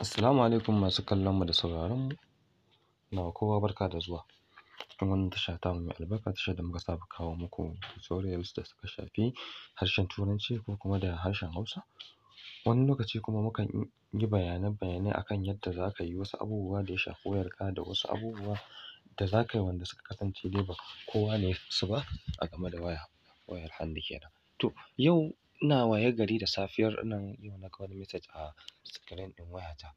Assalamu alaikum masu kallon mu da sauraron mu. Nawa kowa barka da zuwa. Cikin wannan tasha ta mu mai albarka tashar da muka saba kawo muku tutorials da suka shafi harshen Turanci ko kuma da harshen Hausa Wani lokaci kuma mukan yi bayane-bayane a kan yadda za ka yi wasu abubuwa da ya shafi wayarka da wasu abubuwa da za ka yi wanda suka kasance dai ba kowa ne ya su ba a game da waya, wayar hannu kenan. To yau ina waye gari da safiyar nan yau na ga wani message a screen ɗin wayata.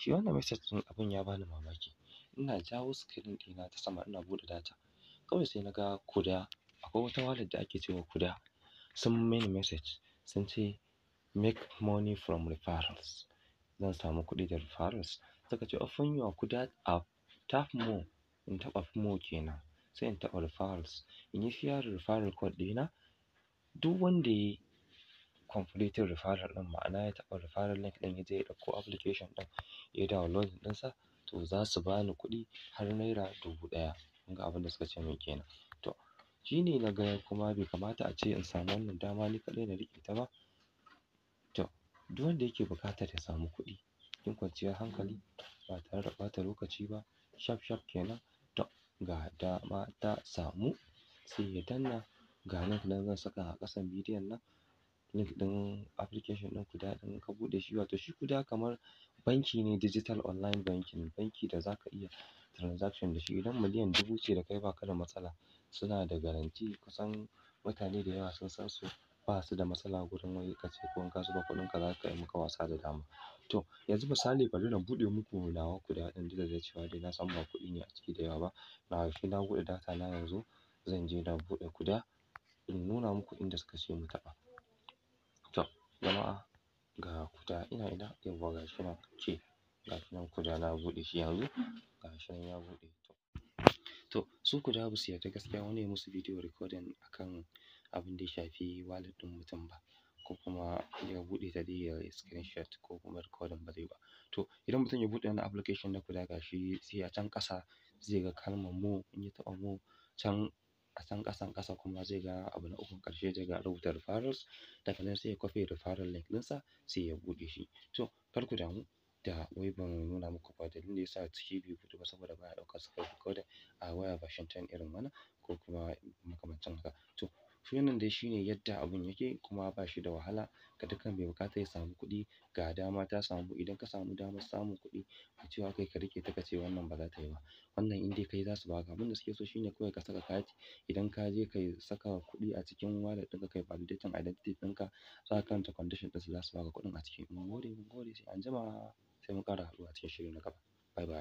Shi wannan message ɗin abin ya bani mamaki. Ina jawo screen ɗina ta sama ina buɗe data. Kawai sai na ga kuda. Akwai wata wallet da ake ce wa kuda. Sun mini message sun ce make money from referrals zan samu kuɗi da referrals suka ce open oh, your a app tap more in taɓa mo kenan sai in taɓa referrals in yi sharing referral code ɗina duk wanda ya completing referral ɗin ma'ana ya taɓa referral link ɗin ya je ya ɗauko application ɗin ya download ɗinsa to za su bani kuɗi har naira dubu ɗaya kun ga abin da suka ce min kenan to shi ne na ga kuma bai kamata a ce in samu wannan dama ni kaɗai na riƙe ta ba duk wanda yake buƙatar ya samu kuɗi cikin kwanciyar hankali ba tare da ɓata lokaci ba shaf shaf kenan to ga dama ta samu sai ya danna ga link nan zan saka a ƙasan bidiyon nan link ɗin application ɗin guda ɗin ka buɗe shi wato shi guda kamar banki ne digital online banking banki da zaka iya transaction da shi idan miliyan dubu ce da kai baka da matsala suna da garanti kusan mutane da yawa sun san su ba su da matsala gurin wai ka ce ko in ka zuba kuɗinka za ka yi maka wasa da dama. To yanzu misali bari na buɗe muku nawa guda ɗin da cewa dai na san ba kuɗi ne a ciki da yawa ba. Na haifi na buɗe data na yanzu zan je na buɗe guda in nuna muku inda suka ce mu taɓa. To jama'a ga guda ina ina yauwa ga shi nan ce ga shi nan guda na buɗe shi yanzu ga shi nan ya buɗe. to su ku dawo su yarda gaskiya wani ya musu bidiyo recording akan abin da ya shafi wallet ɗin mutum ba ko kuma ya buɗe ta dai ya shot ko kuma recording ba zai ba to idan mutum ya buɗe wannan application na kuda gashi sai a can ƙasa zai ga kalmar mo in ya taɓa mo can a can ƙasan ƙasa kuma zai ga abu na ukun ƙarshe zai ga rubuta referrals daga nan sai ya kwafe referral link ɗinsa sai ya buɗe shi to kar ku damu da wai ban nuna muku ba dalilin da yasa ciki bai fito ba saboda baya ɗaukar safar recorder a waya version 10 irin wannan ko kuma makamancin haka to shi wannan dai shine yadda abun yake kuma ba shi da wahala ga dukkan mai buƙatar ya samu kuɗi ga dama ta samu idan ka samu damar samun kuɗi ba cewa kai ka rike ta ka ce wannan ba za ta yi ba wannan in dai kai za su baka abin da suke so shine kawai ka saka kati idan ka je kai saka kuɗi a cikin wallet ɗinka kai validating identity ɗinka za ka karanta condition ɗinsu za su baka kuɗin a ciki mun gode mun gode sai anjima sai mun ƙara haɗuwa cikin shiri na gaba. Bye bye.